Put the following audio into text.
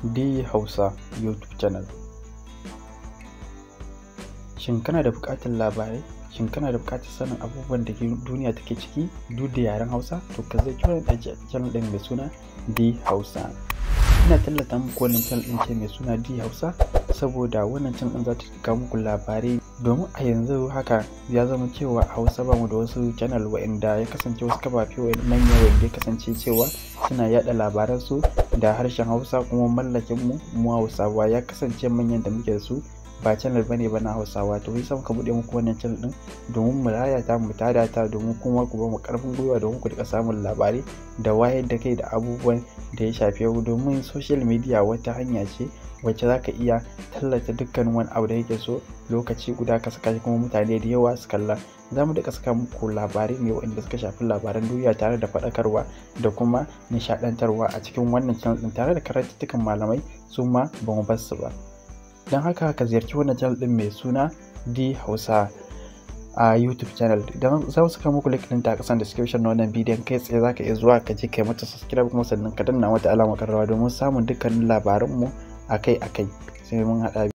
di Hausa YouTube channel. Shin kana da bukatun labarai? Shin kana da bukatun sanin abubuwan da duniya take ciki duk da yaren Hausa? To ka zai kira da channel ɗin mai suna da Hausa. Ina tallata muku wannan channel ɗin mai suna di Hausa saboda wannan channel din za ta kawo muku labarai domin a yanzu haka ya zama cewa a ba bamu da wasu channel wa'inda ya kasance wasu kafafe manya wa'inda ya kasance cewa suna yada labaransu da harshen hausa kuma mallakin mu mu hausawa ya kasance manyan da muke da su ba channel bane ba na hausawa to yi sama ka buɗe muku wannan channel din? domin mu ta mu tada ta domin kuma ku ba mu gwiwa domin ku dika samun labarai da wayar da kai da abubuwan da ya shafe ku domin social media wata hanya ce wacce za ka iya tallata dukkan wani abu da yake so lokaci guda ka saka shi kuma mutane da yawa su kalla za mu daga saka muku labarai ne waɗanda suka shafi labaran duniya tare da faɗakarwa da kuma nishaɗantarwa a cikin wannan channel tare da karatuttukan malamai su ma ba mu bar su ba don haka ka ziyarci wannan channel din mai suna d hausa a youtube channel idan za su kama muku din ɗin ta kasan description na wannan bidiyon kai tsaye za ka iya zuwa ka je kai mata subscribe kuma sannan ka danna mata alamar karrawa domin samun dukkanin kai akai-akai sai mun haɗa